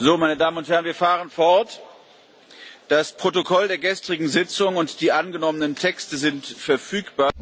So, meine Damen und Herren, wir fahren fort. Das Protokoll der gestrigen Sitzung und die angenommenen Texte sind verfügbar.